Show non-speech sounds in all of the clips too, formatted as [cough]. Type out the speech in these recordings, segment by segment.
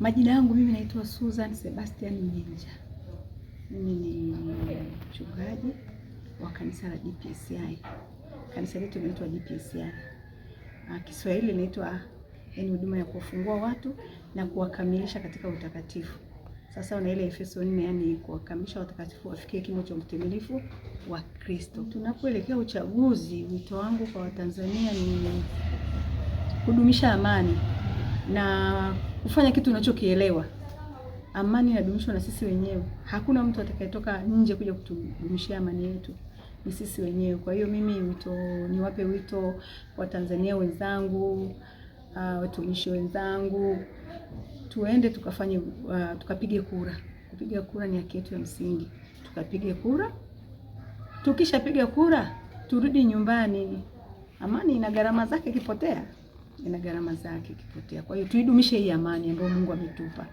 Majina yangu mimi naitwa Susan Sebastian Mjenja. Mimi ni mchungaji wa kanisa la GPCI. Kanisa letu linaitwa GPCI. Ah, Kiswahili inaitwa ni yaani huduma ya kuwafungua watu na kuwakamilisha katika utakatifu. Sasa una ile Efeso 4 yani kuwakamilisha watakatifu wafikie kimo cha utimilifu wa Kristo. Tunapoelekea uchaguzi, wito wangu kwa Watanzania ni kudumisha amani na kufanya kitu unachokielewa. Amani inadumishwa na sisi wenyewe, hakuna mtu atakayetoka nje kuja kutudumishia amani yetu, ni sisi wenyewe. Kwa hiyo mimi wito, niwape wito wa tanzania wenzangu, uh, watumishi wenzangu, tuende tukafanye uh, tukapige kura. Kupiga kura ni haki yetu ya msingi, tukapige kura. Tukishapiga kura turudi nyumbani. Amani ina gharama zake ikipotea ina gharama zake ikipotea. Kwa hiyo tuidumishe hii amani ambayo Mungu ametupa.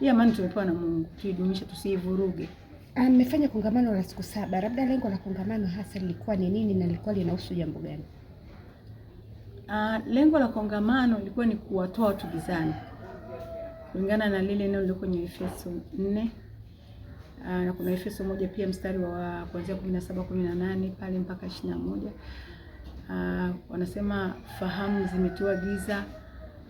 Hii amani tumepewa na Mungu, tuidumishe, tusiivuruge. Amefanya ah, kongamano la siku saba. Labda lengo la kongamano hasa lilikuwa ni nini na lilikuwa linahusu jambo gani? Uh, lengo la kongamano lilikuwa ni kuwatoa watu gizani kulingana na lile neno lilo kwenye Efeso 4 uh, ah, na kuna Efeso moja pia mstari wa kuanzia 17 18 pale mpaka 21 uh, wanasema fahamu zimetiwa giza,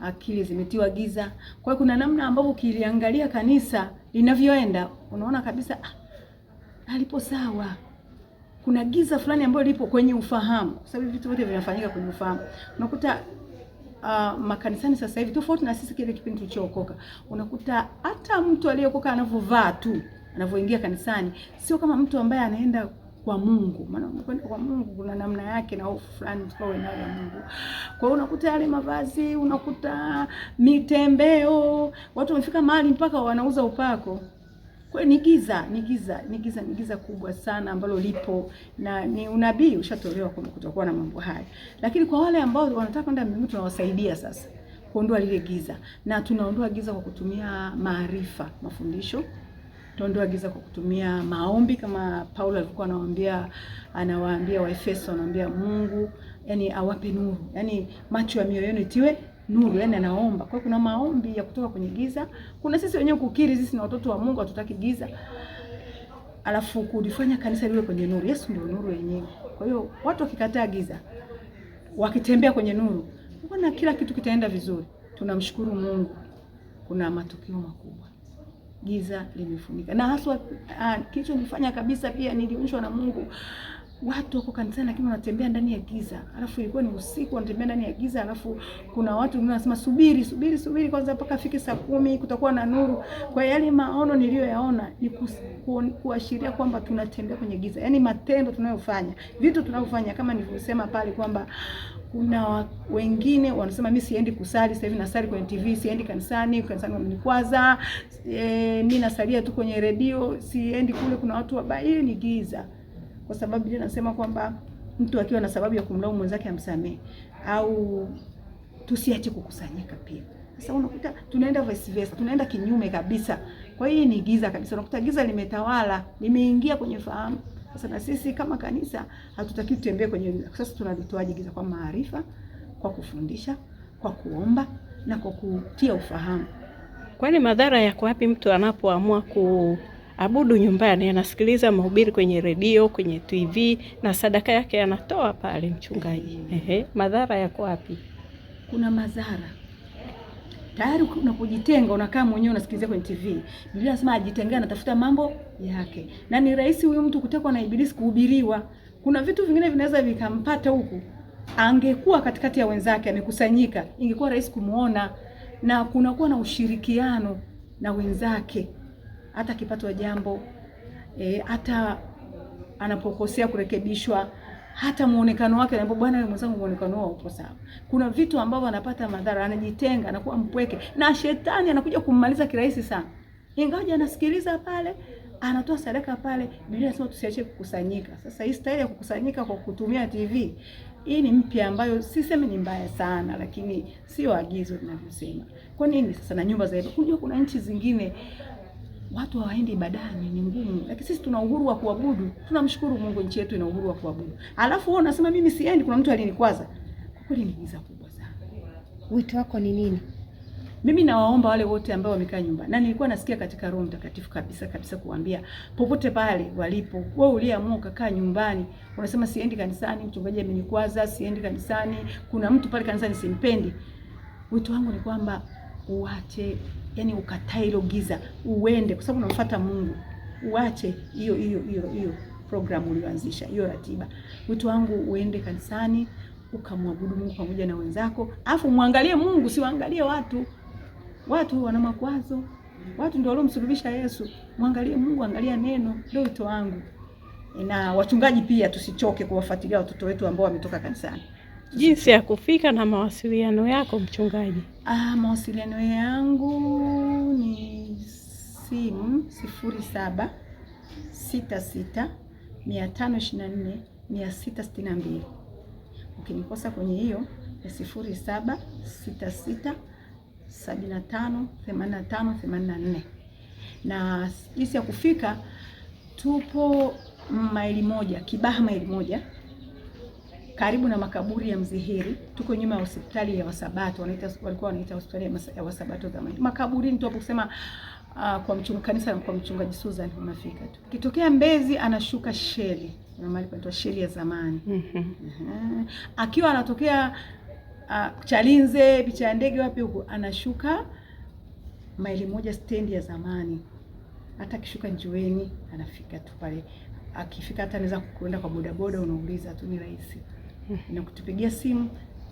akili zimetiwa giza. Kwa hiyo kuna namna ambavyo ukiliangalia kanisa linavyoenda unaona kabisa ah, alipo sawa kuna giza fulani ambayo lipo kwenye ufahamu, kwa sababu vitu vyote vinafanyika kwenye ufahamu. Unakuta uh, makanisani sasa hivi, tofauti na sisi kile kipindi tulichookoka, unakuta hata mtu aliyeokoka anavyovaa tu, anavyoingia kanisani, sio kama mtu ambaye anaenda kwa Mungu, maana unakwenda kwa Mungu kuna namna yake na hofu fulani uwe nayo ya Mungu. Kwa hiyo unakuta yale mavazi, unakuta mitembeo, watu wamefika mahali mpaka wanauza upako. Kwa ni giza, ni giza, ni giza, ni giza kubwa sana ambalo lipo na ni unabii ushatolewa kwa kutokuwa na mambo haya. Lakini kwa wale ambao wanataka kwenda mbinguni tunawasaidia sasa kuondoa lile giza na tunaondoa giza kwa kutumia maarifa, mafundisho tuondoa giza kwa kutumia maombi, kama Paulo alikuwa anawaambia anawaambia Waefeso, anawaambia Mungu yani awape nuru, yani macho ya mioyo yenu itiwe nuru, yani anaomba. Kwa hiyo kuna maombi ya kutoka kwenye giza, kuna sisi wenyewe kukiri sisi ni watoto wa Mungu hatutaki giza, alafu kulifanya kanisa liwe kwenye nuru. Yesu ndio nuru yenyewe. Kwa hiyo watu wakikataa giza, wakitembea kwenye nuru, mbona kila kitu kitaenda vizuri. Tunamshukuru Mungu, kuna matukio makubwa giza limefunika, na haswa ah, kilichonifanya kabisa pia niliunshwa na Mungu watu wako kanisani lakini wanatembea ndani ya giza, alafu ilikuwa ni usiku, wanatembea ndani ya giza, alafu kuna watu wengine wanasema subiri, subiri, subiri kwanza mpaka afike saa kumi kutakuwa na nuru. Kwa yale maono niliyoyaona ni kuashiria kwamba tunatembea kwenye giza, yaani matendo tunayofanya, vitu tunavyofanya, kama nilivyosema pale kwamba kuna wengine wanasema mimi siendi kusali sasa hivi, nasali kwenye TV, siendi kanisani, kanisani wamenikwaza, e, mi nasalia tu kwenye redio, siendi kule, kuna watu wabaya. Hiyo ni giza kwa sababu Biblia inasema kwamba mtu akiwa na sababu ya kumlaumu mwenzake amsamehe, au tusiache kukusanyika pia. Sasa unakuta tunaenda vice versa, tunaenda kinyume kabisa. Kwa hiyo ni giza kabisa, unakuta giza limetawala, limeingia kwenye fahamu. Sasa na sisi kama kanisa hatutaki tutembee kwenye giza. Sasa tunalitoaje giza? Kwa maarifa, kwa kufundisha, kwa kuomba na kwa kutia ufahamu. Kwani madhara yako wapi mtu anapoamua ku abudu nyumbani, anasikiliza mahubiri kwenye redio, kwenye TV na sadaka yake anatoa pale mchungaji. Ehe, madhara yako wapi? Kuna madhara tayari unapojitenga, unakaa mwenyewe, unasikilizia kwenye TV. Biblia inasema ajitengea, anatafuta mambo yake, na ni rahisi huyu mtu kutekwa na Ibilisi, kuhubiriwa. Kuna vitu vingine vinaweza vikampata huku. Angekuwa katikati ya wenzake, amekusanyika, ingekuwa rahisi kumwona na kunakuwa na ushirikiano na wenzake hata akipatwa jambo e, hata anapokosea kurekebishwa, hata muonekano wake anaambia, bwana wewe mwenzangu, muonekano wako uko sawa. Kuna vitu ambavyo anapata madhara, anajitenga, anakuwa mpweke, na shetani anakuja kummaliza kirahisi sana, ingawaje anasikiliza pale anatoa sadaka pale. Biblia inasema tusiache kukusanyika. Sasa hii staili ya kukusanyika kwa kutumia TV hii ni mpya, ambayo sisemi ni mbaya sana, lakini sio agizo linavyosema. Kwa nini sasa na nyumba za ibada? Unajua kuna nchi zingine watu hawaendi ibadani, ni ngumu, lakini sisi tuna uhuru wa kuabudu. Tunamshukuru Mungu, nchi yetu ina uhuru wa kuabudu, alafu wewe unasema mimi siendi, kuna mtu alinikwaza. Kwa kweli ni giza kubwa sana. Wito wako ni nini? Mimi nawaomba wale wote ambao wamekaa nyumbani, na nilikuwa nasikia katika Roho Mtakatifu kabisa kabisa kuambia popote pale walipo, wewe uliamua ukakaa nyumbani, unasema siendi kanisani, mchungaji amenikwaza, siendi kanisani, kuna mtu pale kanisani simpendi. Wito wangu ni kwamba uache yani ukatae hilo giza, uende, kwa sababu unamfuata Mungu. Uache hiyo hiyo hiyo hiyo programu ulioanzisha, hiyo ratiba. Wito wangu uende kanisani ukamwabudu Mungu pamoja na wenzako, afu muangalie Mungu, siwaangalie watu. Watu wana makwazo, watu ndio waliomsulubisha Yesu. Mwangalie Mungu, angalia neno, ndio wito wangu. Na wachungaji pia tusichoke kuwafuatilia watoto wetu ambao wametoka kanisani jinsi ya kufika na mawasiliano yako mchungaji? Ah, mawasiliano yangu ni simu sifuri saba sita sita mia tano ishirini na nne mia sita sitini na mbili. Ukinikosa kwenye hiyo ni sifuri saba sita sita sabini na tano themanini na tano themanini na nne. Na jinsi ya kufika, tupo maili moja Kibaha, maili moja karibu na makaburi ya Mzihiri, tuko nyuma ya hospitali ya Wasabato, wanaita walikuwa wanaita hospitali ya Wasabato zamani. Makaburi ndio hapo kusema uh, kwa mchunga kanisa na kwa mchungaji Susan unafika tu. Kitokea Mbezi anashuka sheli. na mahali panaitwa sheli ya zamani. Mm -hmm. Uh, akiwa anatokea uh, Chalinze, picha ya ndege wapi huko anashuka maili moja stendi ya zamani. Hata akishuka Njueni anafika tu pale. Akifika hata anaweza kuenda kwa bodaboda, unauliza tu, ni rahisi. Mhm. na kutupigia simu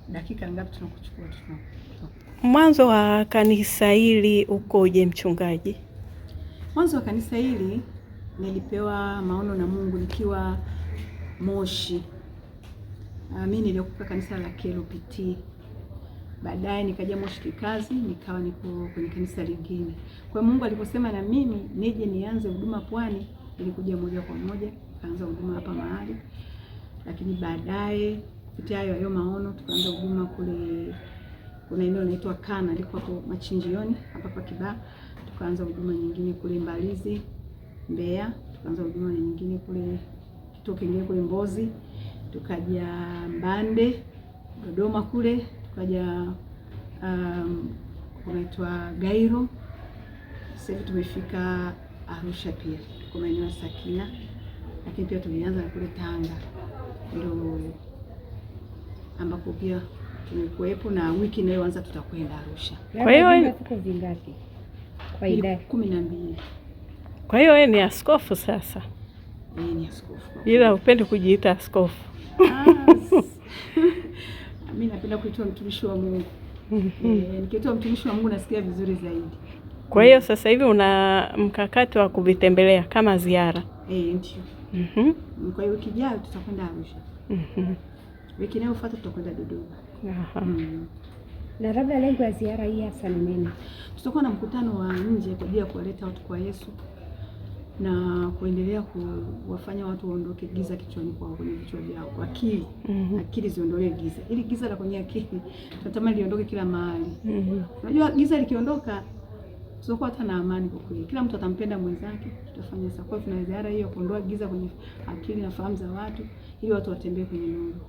dakika ngapi, tunakuchukua mwanzo wa kanisa hili ukoje, mchungaji? Mwanzo wa kanisa hili nilipewa maono na Mungu nikiwa Moshi. Ah, mi niliokuka kanisa la KLPT, baadaye nikaja Moshi kikazi, nikawa niko kwenye kanisa lingine. Kwa Mungu aliposema na mimi nije nianze huduma Pwani, nilikuja moja kwa moja kaanza huduma hapa mahali lakini baadaye kupitia hayo hayo maono tukaanza huduma kule, kuna eneo linaitwa Kana liko hapo machinjioni hapa kwa Kibaa, Tukaanza huduma nyingine kule Mbalizi Mbeya, tukaanza huduma nyingine kule kituo kingine kule Mbozi, tukaja Mbande Dodoma kule, tukaja um, kunaitwa Gairo. Sasa hivi tumefika Arusha, pia tuko maeneo ya Sakina, lakini pia tulianza kule Tanga ndio ambapo pia tumekuwepo na wiki inayoanza tutakwenda Arusha. Kwa hiyo siku zingapi? Kwa idadi kumi na mbili. Kwa hiyo wewe ni askofu sasa? Yeye ni askofu. Ila upende kujiita askofu. Ah. [laughs] Mimi napenda kuitwa mtumishi wa Mungu. [laughs] E, nikiitwa mtumishi wa Mungu nasikia vizuri zaidi. Kwa hiyo sasa hivi una mkakati wa kuvitembelea kama ziara? E, ndio mm -hmm. Kwa hiyo wiki ijayo tutakwenda Arusha mm -hmm. Wiki inayofuata tutakwenda Dodoma mm. Na labda lengo ya ziara hii hasa ni nini? Tutakuwa na mkutano wa nje kwa ajili ya kuwaleta watu kwa Yesu na kuendelea kuwafanya watu waondoke giza kichwani kwao, kwenye vichwa vyao, kwa akili mm -hmm. Akili ziondolee giza, ili giza la kwenye akili tunatamani liondoke kila mahali mm -hmm. Unajua giza likiondoka tutakuwa hata na amani kwa kweli. Kila mtu atampenda mwenzake, tutafanya sakwa, tuna ziara hiyo kuondoa giza kwenye akili na fahamu za watu, ili watu watembee kwenye nuru.